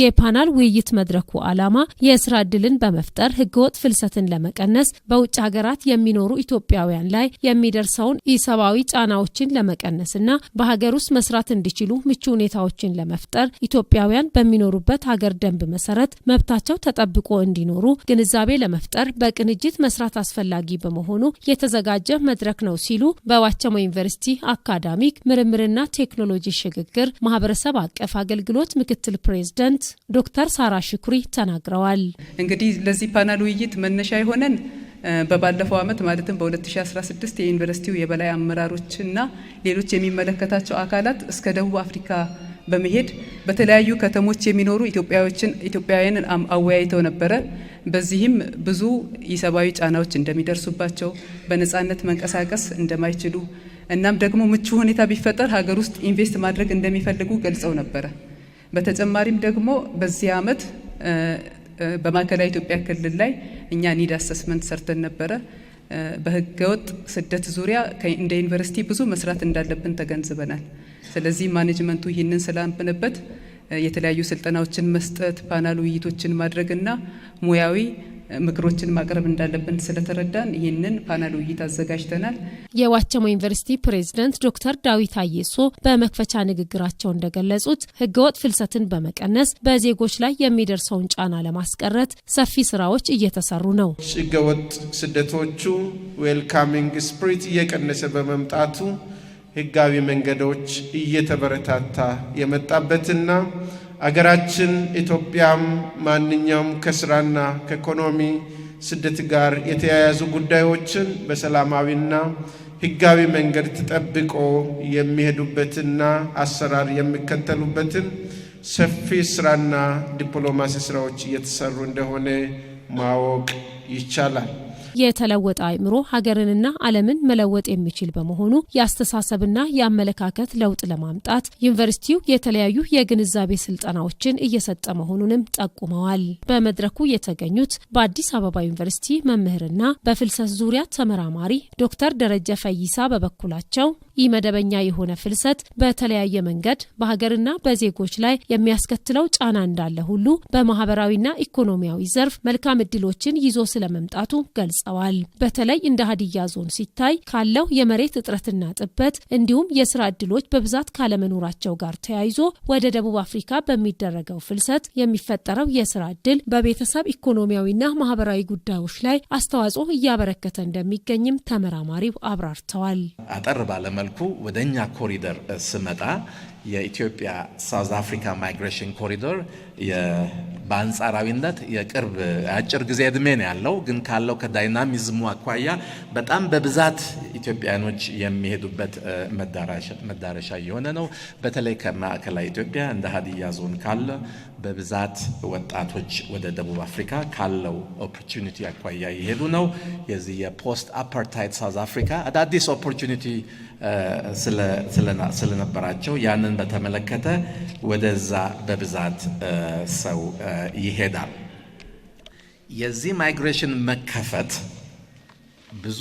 የፓናል ውይይት መድረኩ ዓላማ የስራ እድልን በመፍጠር ህገወጥ ፍልሰትን ለመቀነስ በውጭ ሀገራት የሚኖሩ ኢትዮጵያውያን ላይ የሚደርሰውን ኢሰብአዊ ጫናዎችን ለመቀነስና በሀገር ውስጥ መስራት እንዲችሉ ምቹ ሁኔታዎችን ለመፍጠር ኢትዮጵያውያን በሚኖሩበት ሀገር ደንብ መሰረት መብታቸው ተጠብቆ እንዲኖሩ ግንዛቤ ለመፍጠር በቅንጅት መስራት አስፈላጊ በመሆኑ የተዘጋጀ መድረክ ነው ሲሉ በዋቸሞ ዩኒቨርሲቲ አካዳሚክ ምርምርና ቴክኖሎጂ ሽግግር ማህበረሰብ አቀፍ አገልግሎት ምክትል ፕሬዝደንት ፕሬዝዳንት ዶክተር ሳራ ሽኩሪ ተናግረዋል። እንግዲህ ለዚህ ፓናል ውይይት መነሻ የሆነን በባለፈው ዓመት ማለትም በ2016 የዩኒቨርሲቲው የበላይ አመራሮችና ሌሎች የሚመለከታቸው አካላት እስከ ደቡብ አፍሪካ በመሄድ በተለያዩ ከተሞች የሚኖሩ ኢትዮጵያዎችን ኢትዮጵያውያንን አወያይተው ነበረ። በዚህም ብዙ የሰብአዊ ጫናዎች እንደሚደርሱባቸው፣ በነጻነት መንቀሳቀስ እንደማይችሉ እናም ደግሞ ምቹ ሁኔታ ቢፈጠር ሀገር ውስጥ ኢንቨስት ማድረግ እንደሚፈልጉ ገልጸው ነበረ። በተጨማሪም ደግሞ በዚህ ዓመት በማዕከላዊ ኢትዮጵያ ክልል ላይ እኛ ኒድ አሰስመንት ሰርተን ነበረ። በህገወጥ ስደት ዙሪያ እንደ ዩኒቨርሲቲ ብዙ መስራት እንዳለብን ተገንዝበናል። ስለዚህ ማኔጅመንቱ ይህንን ስላመነበት የተለያዩ ስልጠናዎችን መስጠት፣ ፓናል ውይይቶችን ማድረግና ሙያዊ ምክሮችን ማቅረብ እንዳለብን ስለተረዳን ይህንን ፓናል ውይይት አዘጋጅተናል። የዋቸሞ ዩኒቨርሲቲ ፕሬዝደንት ዶክተር ዳዊት አየሶ በመክፈቻ ንግግራቸው እንደገለጹት ህገወጥ ፍልሰትን በመቀነስ በዜጎች ላይ የሚደርሰውን ጫና ለማስቀረት ሰፊ ስራዎች እየተሰሩ ነው። ህገወጥ ስደቶቹ ዌልካሚንግ ስፕሪት እየቀነሰ በመምጣቱ ህጋዊ መንገዶች እየተበረታታ የመጣበትና አገራችን ኢትዮጵያም ማንኛውም ከስራና ከኢኮኖሚ ስደት ጋር የተያያዙ ጉዳዮችን በሰላማዊና ሕጋዊ መንገድ ተጠብቆ የሚሄዱበትና አሰራር የሚከተሉበትን ሰፊ ስራና ዲፕሎማሲ ስራዎች እየተሰሩ እንደሆነ ማወቅ ይቻላል። የተለወጠ አእምሮ ሀገርንና ዓለምን መለወጥ የሚችል በመሆኑ የአስተሳሰብና የአመለካከት ለውጥ ለማምጣት ዩኒቨርሲቲው የተለያዩ የግንዛቤ ስልጠናዎችን እየሰጠ መሆኑንም ጠቁመዋል። በመድረኩ የተገኙት በአዲስ አበባ ዩኒቨርሲቲ መምህርና በፍልሰት ዙሪያ ተመራማሪ ዶክተር ደረጀ ፈይሳ በበኩላቸው ይህ መደበኛ የሆነ ፍልሰት በተለያየ መንገድ በሀገርና በዜጎች ላይ የሚያስከትለው ጫና እንዳለ ሁሉ በማህበራዊና ኢኮኖሚያዊ ዘርፍ መልካም እድሎችን ይዞ ስለመምጣቱ ገልጸዋል። በተለይ እንደ ሀዲያ ዞን ሲታይ ካለው የመሬት እጥረትና ጥበት እንዲሁም የስራ እድሎች በብዛት ካለመኖራቸው ጋር ተያይዞ ወደ ደቡብ አፍሪካ በሚደረገው ፍልሰት የሚፈጠረው የስራ እድል በቤተሰብ ኢኮኖሚያዊና ማህበራዊ ጉዳዮች ላይ አስተዋጽኦ እያበረከተ እንደሚገኝም ተመራማሪው አብራርተዋል። አጠር ባለመ መልኩ ወደ እኛ ኮሪደር ስመጣ የኢትዮጵያ ሳውዝ አፍሪካ ማይግሬሽን ኮሪዶር በአንጻራዊነት የቅርብ አጭር ጊዜ እድሜ ነው ያለው፣ ግን ካለው ከዳይናሚዝሙ አኳያ በጣም በብዛት ኢትዮጵያኖች የሚሄዱበት መዳረሻ እየሆነ ነው። በተለይ ከማዕከላዊ ኢትዮጵያ እንደ ሀዲያ ዞን ካለ በብዛት ወጣቶች ወደ ደቡብ አፍሪካ ካለው ኦፖርቹኒቲ አኳያ እየሄዱ ነው። የዚህ የፖስት አፓርታይድ ሳውዝ አፍሪካ አዳዲስ ኦፖርቹኒቲ ስለነበራቸው ያንን ሀገርን በተመለከተ ወደዛ በብዛት ሰው ይሄዳል። የዚህ ማይግሬሽን መከፈት ብዙ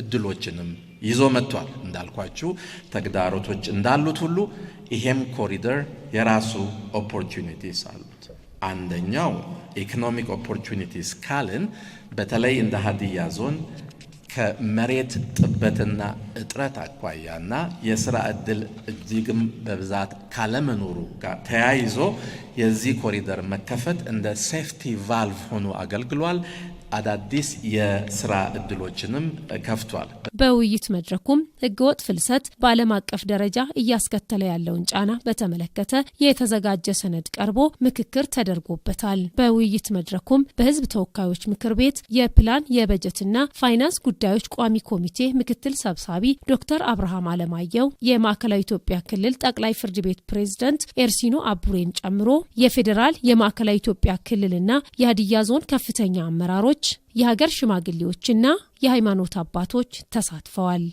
እድሎችንም ይዞ መጥቷል። እንዳልኳችሁ ተግዳሮቶች እንዳሉት ሁሉ ይሄም ኮሪደር የራሱ ኦፖርቹኒቲስ አሉት። አንደኛው ኢኮኖሚክ ኦፖርቹኒቲስ ካልን በተለይ እንደ ሀዲያ ዞን ከመሬት ጥበትና እጥረት አኳያና የስራ እድል እጅግም በብዛት ካለመኖሩ ጋር ተያይዞ የዚህ ኮሪደር መከፈት እንደ ሴፍቲ ቫልቭ ሆኖ አገልግሏል። አዳዲስ የስራ እድሎችንም ከፍቷል። በውይይት መድረኩም ህገወጥ ፍልሰት በዓለም አቀፍ ደረጃ እያስከተለ ያለውን ጫና በተመለከተ የተዘጋጀ ሰነድ ቀርቦ ምክክር ተደርጎበታል። በውይይት መድረኩም በህዝብ ተወካዮች ምክር ቤት የፕላን የበጀትና ፋይናንስ ጉዳዮች ቋሚ ኮሚቴ ምክትል ሰብሳቢ ዶክተር አብርሃም አለማየሁ፣ የማዕከላዊ ኢትዮጵያ ክልል ጠቅላይ ፍርድ ቤት ፕሬዝደንት ኤርሲኖ አቡሬን ጨምሮ የፌዴራል የማዕከላዊ ኢትዮጵያ ክልልና የሀዲያ ዞን ከፍተኛ አመራሮች የሀገር ሽማግሌዎችና የሃይማኖት አባቶች ተሳትፈዋል።